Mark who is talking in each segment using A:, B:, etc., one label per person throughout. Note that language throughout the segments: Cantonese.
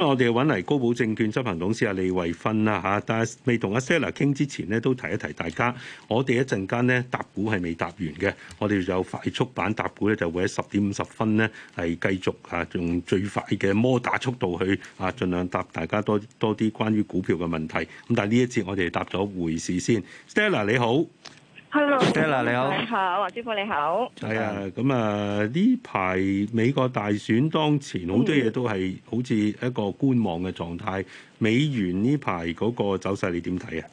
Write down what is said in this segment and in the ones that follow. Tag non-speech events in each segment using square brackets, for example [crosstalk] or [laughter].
A: 我哋揾嚟高寶證券執行董事阿李慧芬啦嚇，但係未同阿 Stella 傾之前呢，都提一提大家，我哋一陣間呢，答股係未答完嘅，我哋有快速版答股咧，就會喺十點五十分呢，係繼續啊，用最快嘅摩打速度去啊，盡量答大家多多啲關於股票嘅問題。咁但係呢一節我哋答咗匯市先，Stella 你好。
B: Hello 啦，你好，你好、嗯，黃師傅你好。係
A: 啊，咁啊，呢排美國大選當前，很多好多嘢都係好似一個觀望嘅狀態。嗯、美元呢排嗰個走勢你點睇啊？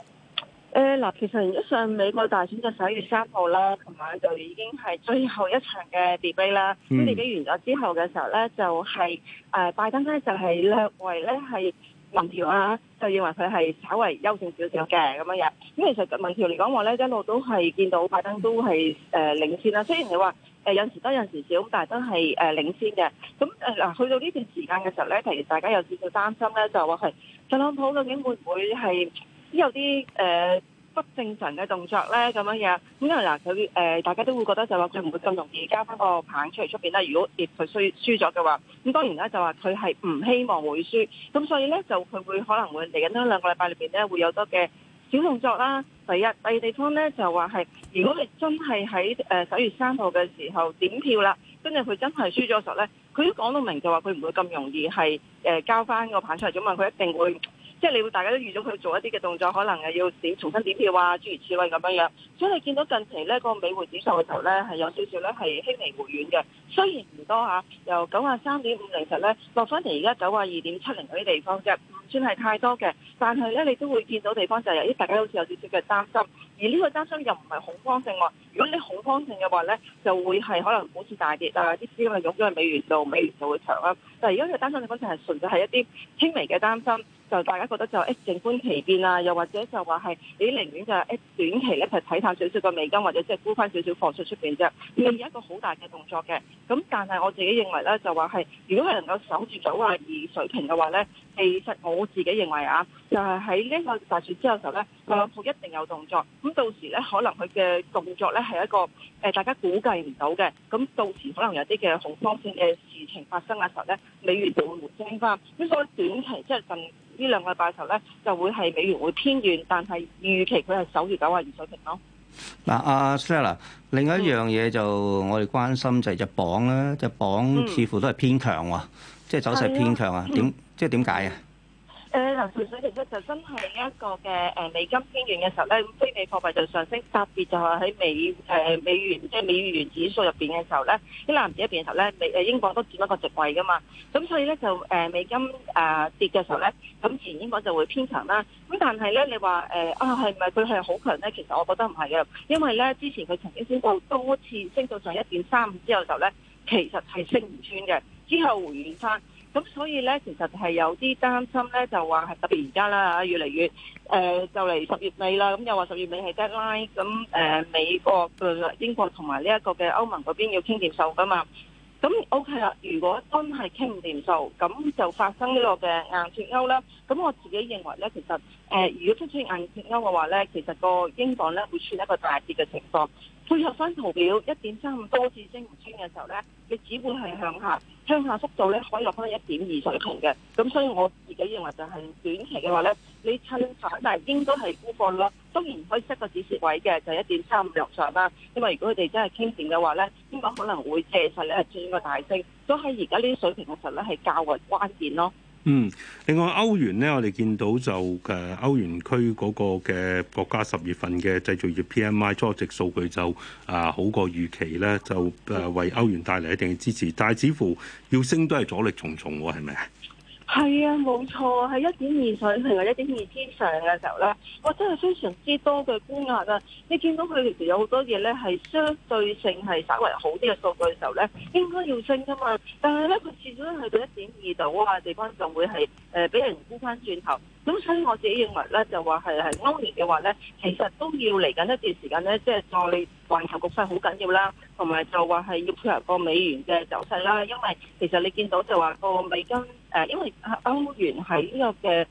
C: 誒
B: 嗱，其實上美國大選就十一月三號啦，琴晚就已經係最後一場嘅 debate 啦。debate 完咗之後嘅時候咧，就係誒拜登咧就係略為咧係。民調啊，就認為佢係稍微優勝少少嘅咁樣樣。咁其實民調嚟講話咧，一路都係見到拜登都係誒、呃、領先啦。雖然係話誒有時多有時少，但係都係誒、呃、領先嘅。咁誒嗱，去到呢段時間嘅時候咧，突然大家有少少擔心咧，就話係特朗普究竟會唔會係有啲誒？呃不正常嘅動作呢，咁樣嘢，咁因為嗱佢誒，大家都會覺得就話佢唔會咁容易交翻個棒出嚟出邊啦。如果亦佢輸輸咗嘅話，咁當然呢就話佢係唔希望會輸，咁所以呢，就佢會可能會嚟緊呢兩個禮拜裏邊呢，會有多嘅小動作啦。第一第二地方呢，就話係，如果你真係喺誒十一月三號嘅時候點票啦，跟住佢真係輸咗嘅時候呢，佢都講到明就話佢唔會咁容易係誒、呃、交翻個棒出嚟，咁為佢一定會。即係你會，大家都預咗佢做一啲嘅動作，可能係要點重新點票啊，諸如此類咁樣。所以你見到近期呢個美匯指數嘅頭咧係有少少咧係輕微回軟嘅，雖然唔多嚇，由九啊三點五零實咧落翻嚟而家九啊二點七零嗰啲地方啫，唔算係太多嘅。但係咧你都會見到地方就係咦大家好似有少少嘅擔心，而呢個擔心又唔係恐慌性喎。如果你恐慌性嘅話咧，就會係可能股市大跌，但啲資金係湧咗去美元度，美元就會強啦。但係如果佢擔心嘅地方就係純粹係一啲輕微嘅擔心，就大家覺得就誒靜觀其變啊，又或者就話係你寧願就誒短期咧就睇少少個美金或者即係沽翻少少貨出出邊啫，有一個好大嘅動作嘅。咁但係我自己認為咧，就話係如果佢能夠守住九啊二水平嘅話咧，其實我自己認為啊，就係喺呢個大選之後嘅時候咧，特朗普一定有動作。咁到時咧，可能佢嘅動作咧係一個誒大家估計唔到嘅。咁到時可能有啲嘅好方向嘅事情發生嘅時候咧，美元就會回升翻。咁所以短期即係近呢兩個禮拜嘅時候咧，就會係美元會偏軟，但係預期佢係守住九啊二水平咯。
D: 嗱，阿、啊、Sarah 另外一樣嘢就我哋關心就係隻磅啦。隻磅、嗯、似乎都係偏強喎，即係走勢偏強啊，點即係點解啊？
B: 誒，水其實就真係一個嘅誒，美金偏軟嘅時候咧，咁非美貨幣就上升，特別就係喺美誒、呃、美元即係美元指數入邊嘅時候咧，啲籃子入邊嘅時候咧，美誒英鎊都佔一個席位噶嘛，咁所以咧就誒、呃、美金啊、呃、跌嘅時候咧，咁前英鎊就會偏強啦。咁但係咧，你話誒、呃、啊係咪佢係好強咧？其實我覺得唔係嘅，因為咧之前佢曾經升過多次升到上一點三五之後就咧，其實係升唔穿嘅，之後回軟翻。咁所以咧，其實係有啲擔心咧，就話係特別而家啦越嚟越誒就嚟十月尾啦，咁、呃、又話十月尾係 deadline。咁、呃、誒美國英國同埋呢一個嘅歐盟嗰邊要傾掂數噶嘛，咁 OK 啦。如果真係傾唔掂數，咁就發生呢個呢個嘅硬脫歐啦。咁我自己認為咧，其實誒、呃、如果出現硬脫歐嘅話咧，其實個英鎊咧會出現一個大跌嘅情況。配合翻圖表，一點三五多次升唔穿嘅時候咧，你只會係向下，向下幅度咧可以落翻一點二水平嘅。咁所以我自己認為就係短期嘅話咧，你趁反，但係應該係沽貨咯。當然可以 set 個止蝕位嘅，就係一點三五以上啦。因為如果佢哋真係傾跌嘅話咧，應該可能會借勢咧轉個大升。所以喺而家呢啲水平嘅時候咧，係較為關鍵咯。
A: 嗯，另外歐元咧，我哋見到就誒歐元區嗰個嘅國家十月份嘅製造業 PMI 初值數據就啊好過預期咧，就誒、啊、為歐元帶嚟一定嘅支持，但係似乎要升都係阻力重重喎，係咪啊？
B: 係啊，冇錯，喺一點二水平或者一點二之上嘅時候咧，我真係非常之多嘅沽壓啊！你見到佢其實有好多嘢咧，係相對性係稍為好啲嘅數據嘅時候咧，應該要升㗎嘛！但係咧，佢至少喺到一點二度啊地方就會係誒俾人沽返轉頭。咁所以我自己認為咧，就話係係歐元嘅話咧，其實都要嚟緊一段時間咧，即係再環球局勢好緊要啦，同埋就話係要配合個美元嘅走勢啦。因為其實你見到就話個美金誒、呃，因為歐元喺呢個嘅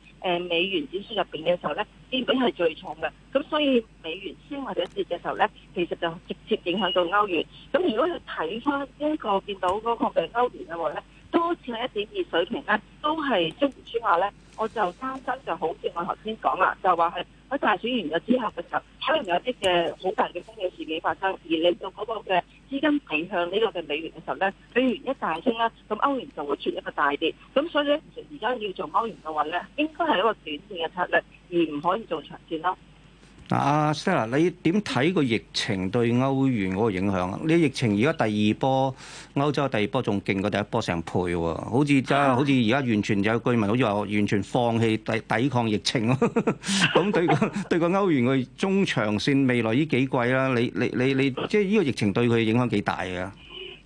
B: 美元指數入面嘅時候咧，基本係最重嘅。咁所以美元升或者跌嘅時候咧，其實就直接影響到歐元。咁如果要睇翻呢個見到嗰個誒歐元嘅話咧。都似係一點二水平咧，都係中年期話咧，我就擔心就好似我頭先講啦，就話係喺大選完咗之後嘅時候，可能有啲嘅好大嘅風險事件發生，而令到嗰個嘅資金偏向呢個嘅美元嘅時候咧，美元一大升啦，咁歐元就會出一個大跌，咁所以咧，而家要做歐元嘅話咧，應該係一個短線嘅策略，而唔可以做長線咯。
D: 阿 Stella 你點睇個疫情對歐元嗰個影響啊？你疫情而家第二波，歐洲第二波仲勁過第一波成倍喎，好似真係，好似而家完全有居民好似話完全放棄抵抵抗疫情咯。咁 [laughs] 對個對個歐元嘅中長線未來呢幾季啦，你你你你，即係呢個疫情對佢影響幾大啊？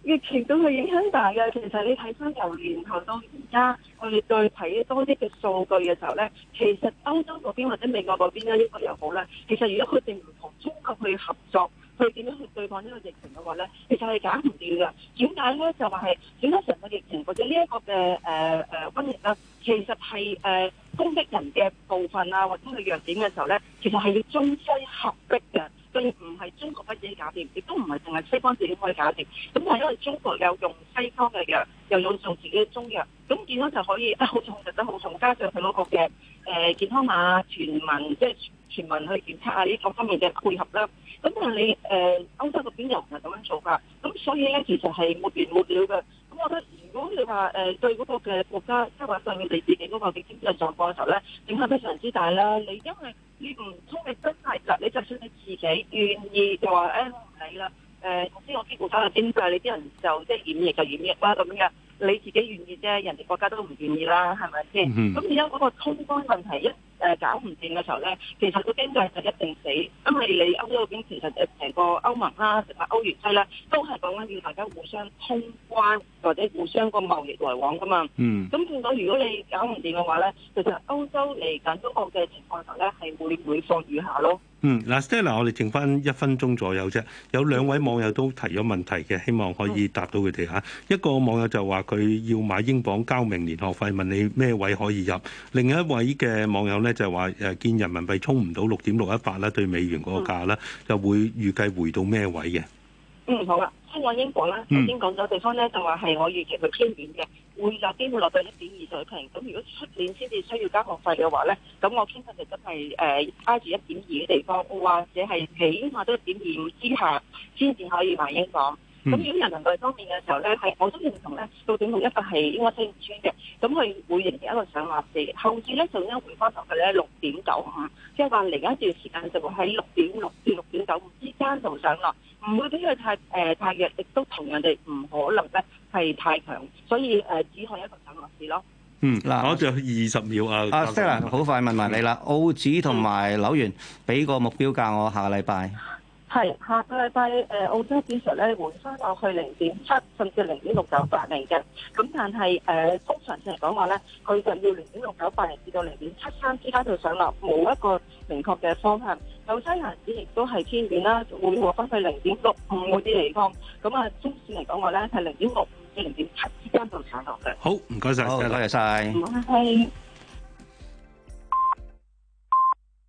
B: 疫情都係影響大嘅，其實你睇翻由年頭到而家，我哋再睇多啲嘅數據嘅時候咧，其實歐洲嗰邊或者美國嗰邊咧，英國又好咧，其實如果佢哋唔同中國去合作，去點樣去對抗呢個疫情嘅話咧，其實係搞唔掂㗎。點解咧？就話係點解成個疫情或者呢一個嘅誒誒瘟疫啦，其實係誒攻擊人嘅部分啊，或者佢弱點嘅時候咧，其實係要中西合璧嘅。唔係中國自己搞掂，亦都唔係淨係西方自己可以搞掂。咁但係因為中國有用西方嘅藥，又有用自己嘅中藥，咁健康就可以啊！好重，實得好重。加上佢嗰個嘅誒、呃、健康碼、啊、全民即係、就是、全民去檢測啊！呢各方面嘅配合啦，咁但係你誒、呃、歐洲嗰邊又唔係咁樣做㗎，咁所以咧其實係沒完沒了嘅。我覺得如果你話誒對嗰個嘅國家，即係話對你哋自己嗰個經濟狀況嘅時候咧，影響非常之大啦。你因為你唔通你真係實，你就算你自己願意，就話誒、哎呃、我唔理啦。誒總之我啲國家嘅經濟，你啲人就即係染疫就染疫啦，咁樣你自己願意啫，人哋國家都唔願意啦，係咪先？咁而家嗰個通關問題一誒搞唔掂嘅時候咧，其實個經濟就一定死，因為你歐洲嗰邊其實誒成個歐盟啦，成個歐元區咧，都係講緊要大家互相通關或者互相個貿易來往噶嘛。嗯。咁見到如果你搞唔掂嘅話咧，其實歐洲嚟緊嗰個
A: 嘅情況下咧，係會雪上加霜咯。嗯，嗱，即係嗱，我哋剩翻一分鐘左右啫。有兩位網友都提咗問題嘅，希望可以答到佢哋吓。一個網友就話佢要買英鎊交明年學費，問你咩位可以入。另一位嘅網友咧。就係話誒，見人民幣衝唔到六點六一八啦，對美元嗰個價啦，就會預計回到咩位嘅？嗯，好
B: 啦，先講英鎊啦。頭先講咗地方咧，就話係我預期去偏軟嘅，會有機會落到一點二水平。咁如果出年先至需要交學費嘅話咧，咁我傾向就真係誒揸住一點二嘅地方，或者係起碼都一點二之下，先至可以買英鎊。咁、嗯、如果人民幣方面嘅時候咧，係我都認同咧，到頂同一個係應該升唔穿嘅，咁佢會形成一個上落市。後置咧就因為回翻頭去咧六點九五，即係話嚟緊一段時間就會喺六點六至六點九五之間度上落，唔會俾佢太誒、呃、太弱，亦都同樣哋唔可能咧係太強，所以誒、呃、只係一個上落
A: 市咯。嗯，嗱，我仲有二
D: 十秒啊，阿 Sa 好快問埋你啦，澳紙同埋樓元俾、嗯、個目標價我下個禮拜。
B: 係下個禮拜誒澳洲市場咧回返落去零點七甚至零點六九八零嘅，咁但係誒、呃、通常性嚟講話咧，佢就要零點六九八零至到零點七三之間度上落，冇一個明確嘅方向。紐西蘭市亦都係偏軟啦，會落翻去零點六五嗰啲地方。咁啊，中線嚟講話咧係零點六五至零點七之間度上
A: 落嘅。好，唔該晒。好多謝曬。唔
D: 該
B: 謝，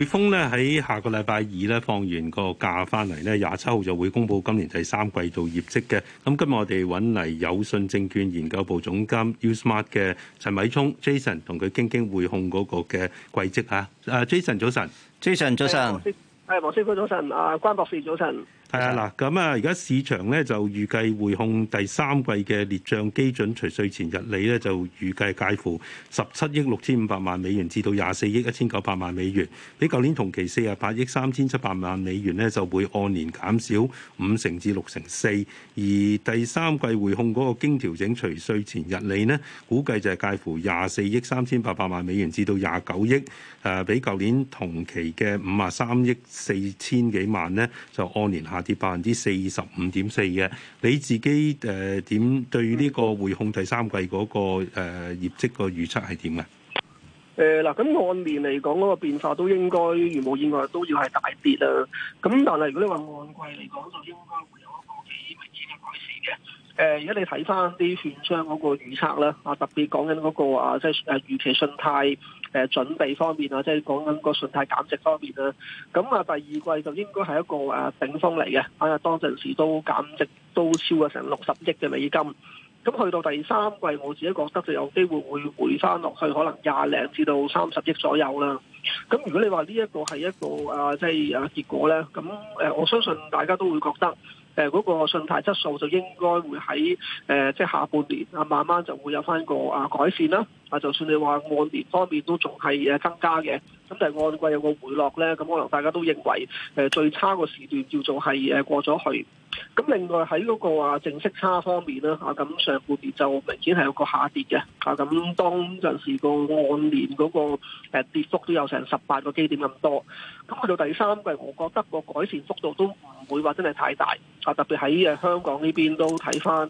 A: 匯豐咧喺下個禮拜二咧放完個假翻嚟咧，廿七號就會公布今年第三季度業績嘅。咁今日我哋揾嚟友信證券研究部總監 uSMART 嘅陳偉聰 Jason 同佢傾傾匯控嗰個嘅季績啊。Jason 早晨，Jason 早晨，係黃師傅早晨，阿關博士早晨。係啊，嗱，咁啊，而家市場咧就預計匯控第三季嘅列賬基準除稅前溢利咧就預計介乎十七億六千五百萬美元至到廿四億一千九百萬美元，比舊年同期四十八億三千七百萬美元呢，就會按年減少五成至六成四，而第三季匯控嗰個經調整除稅前溢利呢，估計就係介乎廿四億三千八百萬美元至到廿九億，比舊年同期嘅五十三億四千幾萬呢，就按年下跌百分之四十五點四嘅，你自己誒點、呃、對呢個匯控第三季嗰、那個誒、呃、業績個預測係點啊？
C: 誒嗱、呃，咁按年嚟講嗰、那個變化都應該如無意外都要係大跌啊！咁但係如果你話按季嚟講，就應該會有一個幾明顯嘅改善嘅。誒、呃，而家你睇翻啲券商嗰個預測啦、那個，啊特別講緊嗰個即係誒預期信貸。誒準備方面啊，即係講緊個信貸減值方面啦。咁啊，第二季就應該係一個誒頂峰嚟嘅，因為當陣時都減值都超過成六十億嘅美金。咁去到第三季，我自己覺得就有機會會回翻落去，可能廿零至到三十億左右啦。咁如果你話呢一個係一個誒，即係誒結果咧，咁誒我相信大家都會覺得。誒嗰個信貸質素就應該會喺誒、呃、即係下半年啊，慢慢就會有翻個啊改善啦。啊，就算你話按年方面都仲係誒增加嘅。咁就按季有個回落咧，咁可能大家都認為最差個時段叫做係誒過咗去。咁另外喺嗰個淨息差方面咧，咁上半年就明顯係有個下跌嘅。咁當陣時個按年嗰個跌幅都有成十八個基點咁多。咁去到第三季，我覺得個改善幅度都唔會話真係太大，特別喺香港呢邊都睇翻。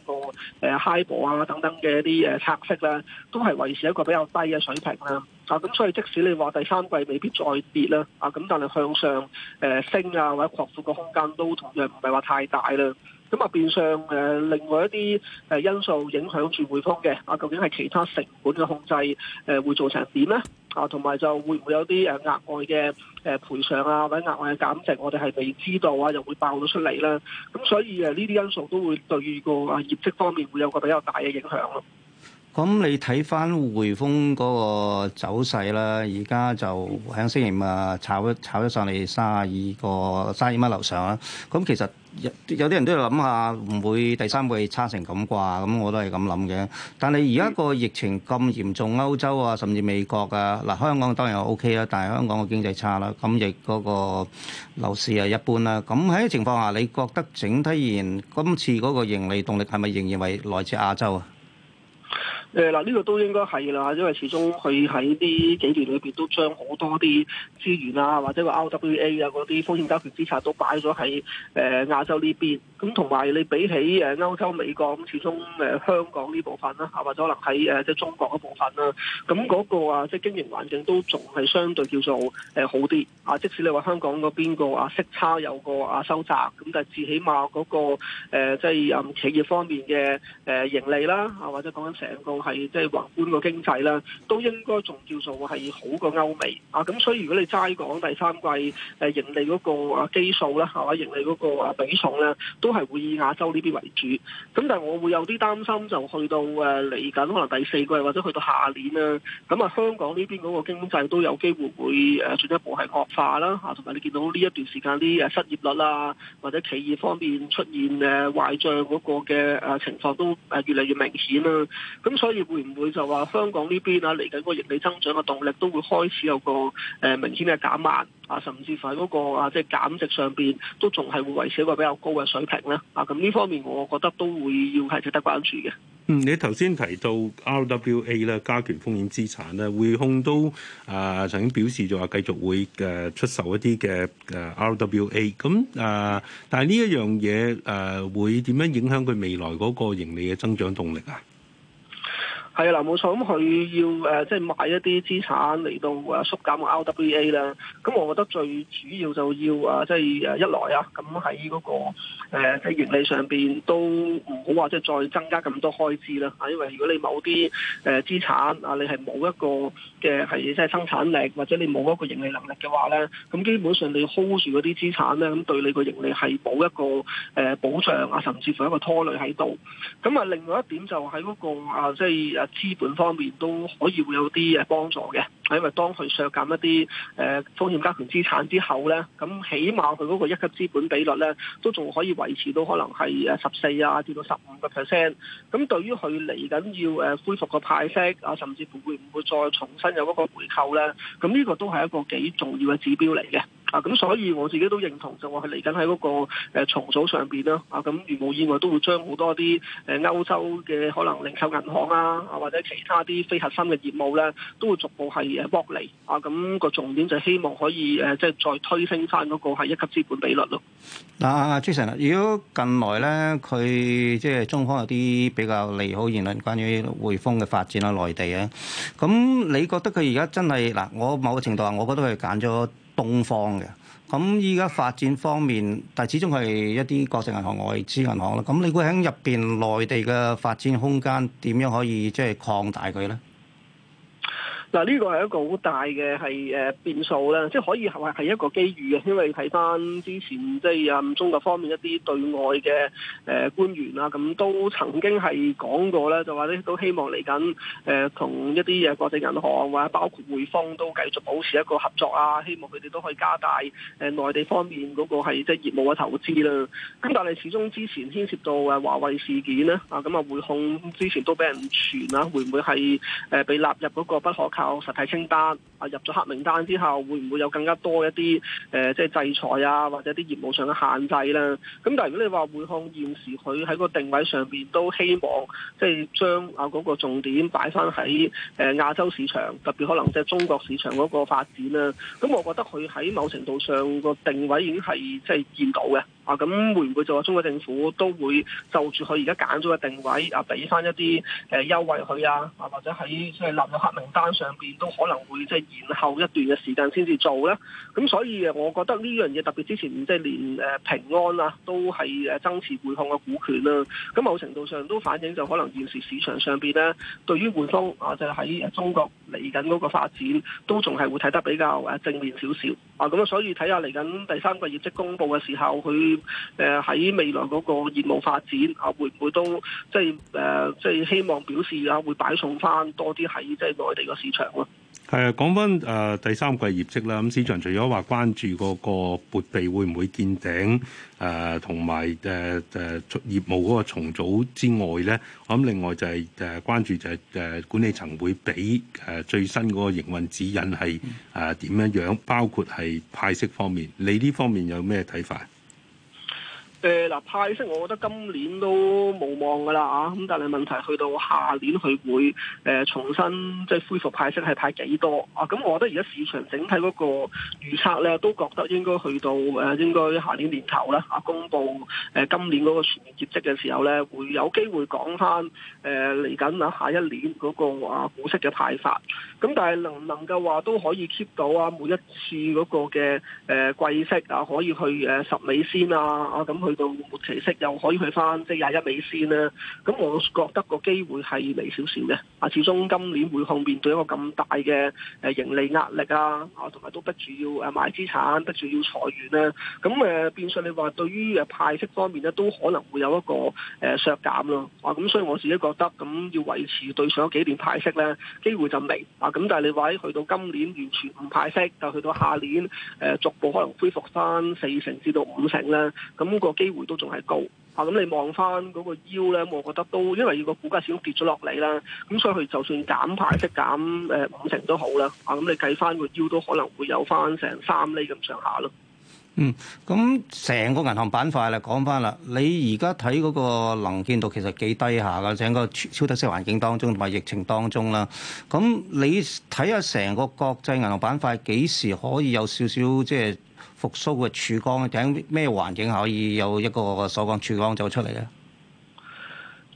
C: 誒 HIBOR 啊等等嘅一啲誒拆息啦，都係維持一個比較低嘅水平啦。啊，咁所以即使你話第三季未必再跌啦，啊咁但係向上誒升啊或者擴闊嘅空間都同樣唔係話太大啦。咁啊變相誒另外一啲誒因素影響住匯豐嘅啊，究竟係其他成本嘅控制誒會做成點咧？啊，同埋就會唔會有啲誒額外嘅誒賠償啊，或者額外嘅減值，我哋係未知道啊，又會爆咗出嚟啦。咁所以誒，呢啲因素都會對個業績方面會有個比較大嘅影響咯。
D: 咁你睇翻匯豐嗰個走勢啦，而家就喺星期五啊炒一炒一上嚟三十二個三十二蚊樓上啦。咁其實。有啲人都要諗下，唔會第三季差成咁啩，咁我都係咁諗嘅。但係而家個疫情咁嚴重，歐洲啊，甚至美國啊，嗱香港當然 OK 啦，但係香港個經濟差啦，咁亦嗰個樓市係一般啦。咁喺情況下，你覺得整體而言，今次嗰個盈利動力係咪仍然為來自亞洲啊？
C: 誒，嗱呢個都應該係啦，因為始終佢喺呢幾年裏邊都將好多啲資源啊，或者話 RWA 啊，嗰啲風險加權資產都擺咗喺誒亞洲呢邊。咁同埋你比起誒歐洲、美國，咁始終誒香港呢部分啦，或者可能喺誒即係中國嗰部分啦，咁、那、嗰個啊即係經營環境都仲係相對叫做誒好啲。啊，即使你話香港嗰邊個啊息差有個啊收窄，咁但係至起碼嗰個誒即係企業方面嘅誒盈利啦，啊或者講緊成個。係即係宏觀個經濟啦，都應該仲叫做係好過歐美啊！咁所以如果你齋講第三季誒盈利嗰個基數啦，係話盈利嗰個比重咧，都係會以亞洲呢邊為主。咁但係我會有啲擔心，就去到誒嚟緊可能第四季或者去到下年啦，咁啊香港呢邊嗰個經濟都有機會會誒進一步係惡化啦。吓，同埋你見到呢一段時間啲誒失業率啊，或者企業方面出現誒壞賬嗰個嘅誒情況都誒越嚟越明顯啦。咁所以所以會唔會就話香港呢邊啊嚟緊個盈利增長嘅動力都會開始有個誒明顯嘅減慢啊，甚至乎喺嗰個啊即係減值上邊都仲係會維持一個比較高嘅水平咧啊！咁呢方面我覺得都會要係值得關注嘅。
A: 嗯，你頭先提到 RWA 咧，加權風險資產咧，匯控都啊、呃、曾經表示就話繼續會嘅出售一啲嘅誒 RWA 咁啊、呃，但係呢一樣嘢誒會點樣影響佢未來嗰個盈利嘅增長動力啊？
C: 係啦，冇錯咁佢要即係買一啲資產嚟到誒縮減個 RWA 啦。咁我覺得最主要就要啊，即係一來啊，咁喺嗰個誒即係盈利上面都唔好話即係再增加咁多開支啦。因為如果你某啲誒資產啊，你係冇一個嘅即係生產力，或者你冇一個盈利能力嘅話咧，咁基本上你 hold 住嗰啲資產咧，咁對你個盈利係冇一個誒保障啊，甚至乎一個拖累喺度。咁啊，另外一點就喺嗰個啊，即係資本方面都可以會有啲誒幫助嘅，係因為當佢削減一啲誒風險加權資產之後咧，咁起碼佢嗰個一級資本比率咧都仲可以維持到可能係誒十四啊，至到十五個 percent。咁對於佢嚟緊要誒恢復個派息啊，甚至乎會唔會再重新有嗰個回購咧？咁呢個都係一個幾重要嘅指標嚟嘅。啊，咁所以我自己都認同就話係嚟緊喺嗰個重組上邊咯。啊，咁如無意外都會將好多啲誒歐洲嘅可能零售銀行啊，啊或者其他啲非核心嘅業務咧，都會逐步係誒剝離。啊，咁個重點就希望可以誒，即係再推升翻嗰個係一級資本比率咯。
D: 嗱，Jason，如果近來咧，佢即係中方有啲比較利好言論，關於匯豐嘅發展喺內地嘅，咁你覺得佢而家真係嗱，我某個程度話，我覺得佢揀咗。東方嘅，咁依家發展方面，但始終係一啲國際銀行、外資銀行啦。咁你估喺入邊內地嘅發展空間點樣可以即係擴大佢咧？
C: 嗱，呢個係一個好大嘅係誒變數咧，即係可以係係一個機遇嘅，因為睇翻之前即係啊中國方面一啲對外嘅誒、呃、官員啊，咁都曾經係講過咧，就話咧都希望嚟緊誒同一啲嘅國際銀行或者包括匯豐都繼續保持一個合作啊，希望佢哋都可以加大誒、呃、內地方面嗰個係即係業務嘅投資啦。咁但係始終之前牽涉到啊華為事件咧，啊咁啊匯控之前都俾人傳啊，會唔會係誒被納入嗰個不可有實體清單，入咗黑名單之後，會唔會有更加多一啲誒、呃，即係制裁啊，或者啲業務上嘅限制啦，咁但係如果你話匯控現時佢喺個定位上面都希望即係將啊嗰個重點擺翻喺誒亞洲市場，特別可能即係中國市場嗰個發展啦。咁我覺得佢喺某程度上個定位已經係即係見到嘅。啊，咁會唔會就話中國政府都會就住佢而家揀咗嘅定位啊，俾翻一啲誒、呃、優惠佢啊？啊，或者喺即係納入黑名單上面都可能會即係。然後一段嘅時間先至做啦。咁所以啊，我覺得呢樣嘢特別之前即係連誒平安啊，都係誒增持匯控嘅股權啦、啊。咁某程度上都反映就可能現時市場上邊咧，對於匯豐啊，就係喺中國嚟緊嗰個發展，都仲係會睇得比較誒正面少少啊。咁所以睇下嚟緊第三個業績公布嘅時候，佢誒喺未來嗰個業務發展啊，會唔會都即係誒即係希望表示啊，會擺送返多啲喺即係內地嘅市場咯。
A: 係啊，講翻第三季業績啦，咁市場除咗話關注嗰個撥備會唔會見頂，誒同埋誒誒業務嗰個重組之外咧，我諗另外就係關注就係管理層會俾最新嗰個營運指引係誒點樣樣，包括係派息方面，你呢方面有咩睇法？
C: 誒嗱、呃、派息，我覺得今年都無望噶啦啊，咁但係問題去到下年，佢、呃、會重新即係、就是、恢復派息派，係派幾多啊？咁我覺得而家市場整體嗰個預測咧，都覺得應該去到、呃、應該下、呃、年年頭啦，公布今年嗰個全年業績嘅時候咧，會有機會講翻誒嚟緊啊下一年嗰個股息嘅派發。咁、啊、但係能唔能夠話都可以 keep 到啊？每一次嗰個嘅誒、呃、季息啊，可以去誒、啊、十美仙啊啊咁去。去到末期息又可以去翻即係廿一美仙咧，咁我覺得個機會係微少少嘅。啊，始終今年匯控面對一個咁大嘅誒盈利壓力啊，啊，同埋都逼住要誒賣資產，逼住要裁員咧。咁誒變相你話對於誒派息方面咧，都可能會有一個誒削減咯。啊，咁所以我自己覺得咁要維持對上幾年派息咧，機會就微。啊，咁但係你話去到今年完全唔派息，就去到下年誒、啊、逐步可能恢復翻四成至到五成咧。咁、咁個機會都仲係高啊！咁你望翻嗰個腰咧，我覺得都因為個股價先跌咗落嚟啦，咁所以佢就算減派息減誒五成都好啦。啊，咁你計翻個腰都可能會有翻成三厘咁上下咯。
D: 嗯，咁成個銀行板塊啦，講翻啦，你而家睇嗰個能見度其實幾低下噶，整個超超低息環境當中同埋疫情當中啦。咁你睇下成個國際銀行板塊幾時可以有少少即係復甦嘅曙光，究竟咩環境可以有一個所講曙光走出嚟咧？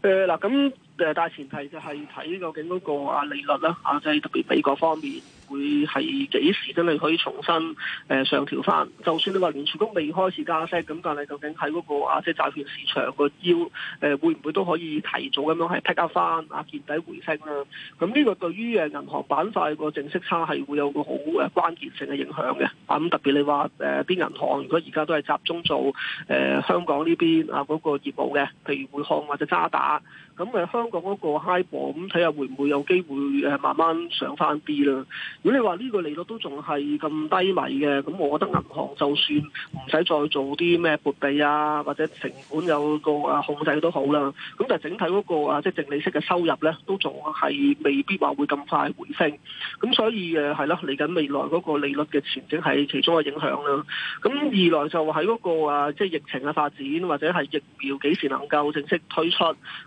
C: 誒、呃，嗱，咁誒，大前提就係睇究竟嗰個啊利率啦，啊，即係特別美國方面。會係幾時真係可以重新、呃、上調翻？就算你話聯儲局未開始加息，咁但係究竟喺嗰、嗰個啊，即、就、債、係、券市場個腰、呃、會唔會都可以提早咁樣係 pick up 翻啊，見底回升啦？咁呢個對於銀行板塊個淨息差係會有個好關鍵性嘅影響嘅。啊，咁特別你話啲銀行，如果而家都係集中做、呃、香港呢邊啊嗰個業務嘅，譬如匯控或者渣打，咁、呃、香港嗰個 HIBOR 咁睇下會唔會有機會慢慢上翻啲啦？如果你話呢個利率都仲係咁低迷嘅，咁我覺得銀行就算唔使再做啲咩撥備啊，或者成本有個啊控制都好啦。咁但係整體嗰個啊，即係淨利息嘅收入咧，都仲係未必話會咁快回升。咁所以誒係咯，嚟緊未來嗰個利率嘅前景係其中嘅影響啦。咁二來就喺嗰個啊，即係疫情嘅發展或者係疫苗幾時能夠正式推出。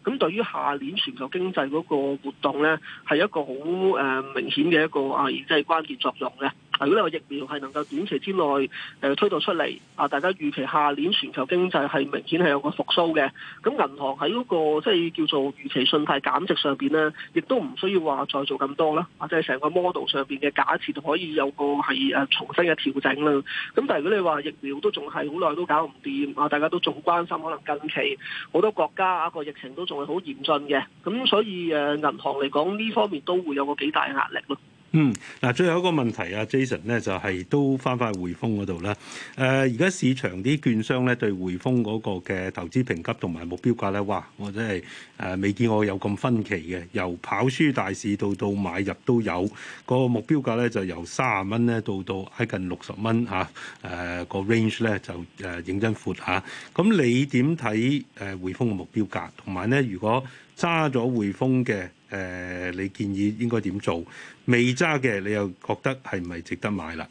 C: 咁對於下年全球經濟嗰個活動咧，係一個好誒明顯嘅一個啊。即係關鍵作用嘅。如果你話疫苗係能夠短期之內誒、呃、推導出嚟，啊大家預期下年全球經濟係明顯係有個復甦嘅。咁銀行喺嗰、嗰個即係叫做預期信貸減值上邊咧，亦都唔需要話再做咁多啦，或者係成個 model 上邊嘅假設就可以有個係誒重新嘅調整啦。咁但係如果你話疫苗都仲係好耐都搞唔掂啊，大家都仲關心，可能近期好多國家啊個疫情都仲係好嚴峻嘅。咁所以誒銀行嚟講呢方面都會有個幾大嘅壓力咯。
A: 嗯，嗱，最後一個問題啊，Jason 咧就係都返返去匯豐嗰度啦。誒、呃，而家市場啲券商咧對匯豐嗰個嘅投資評級同埋目標價咧，哇！我真係誒未見過有咁分歧嘅，由跑輸大市到到買入都有。個目標價咧就由卅蚊咧到到挨近六十蚊嚇。誒、啊個 range 咧就誒認真闊嚇。咁、啊、你點睇誒匯豐嘅目標價？同埋咧，如果揸咗匯豐嘅？誒、呃，你建議應該點做？未揸嘅你又覺得係咪值得買啦？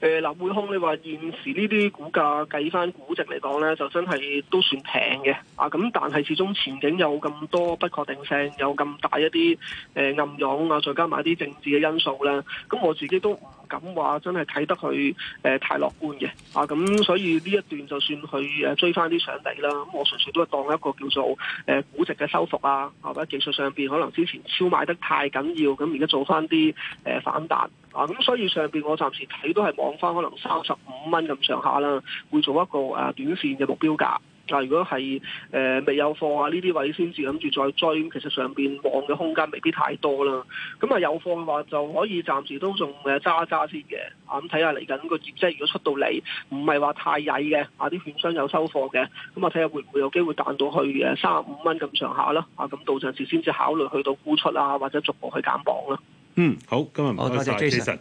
C: 誒、呃，匯控，你話現時呢啲股價計翻估值嚟講咧，就真係都算平嘅啊！咁但係始終前景有咁多不確定性，有咁大一啲誒、呃、暗湧啊，再加埋啲政治嘅因素咧，咁我自己都咁話真係睇得佢誒、呃、太樂觀嘅啊！咁所以呢一段就算佢誒追翻啲上嚟啦，咁我純粹都係當一個叫做誒估、呃、值嘅收復啊，或、啊、者技術上面可能之前超買得太緊要，咁而家做翻啲誒反彈啊！咁所以上面我暫時睇都係望翻可能三十五蚊咁上下啦，會做一個、呃、短線嘅目標價。嗱，如果係誒、呃、未有貨啊，呢啲位先至諗住再追，其實上邊望嘅空間未必太多啦。咁啊有貨嘅話，就可以暫時都仲誒揸揸先嘅，啊咁睇下嚟緊個業績，如果出到嚟唔係話太曳嘅，啊啲券商有收貨嘅，咁啊睇下會唔會有機會彈到去誒三十五蚊咁上下啦。啊咁到陣時先至考慮去到沽出啊，或者逐步去減磅啦。
A: 嗯，好，今日唔該曬，謝謝。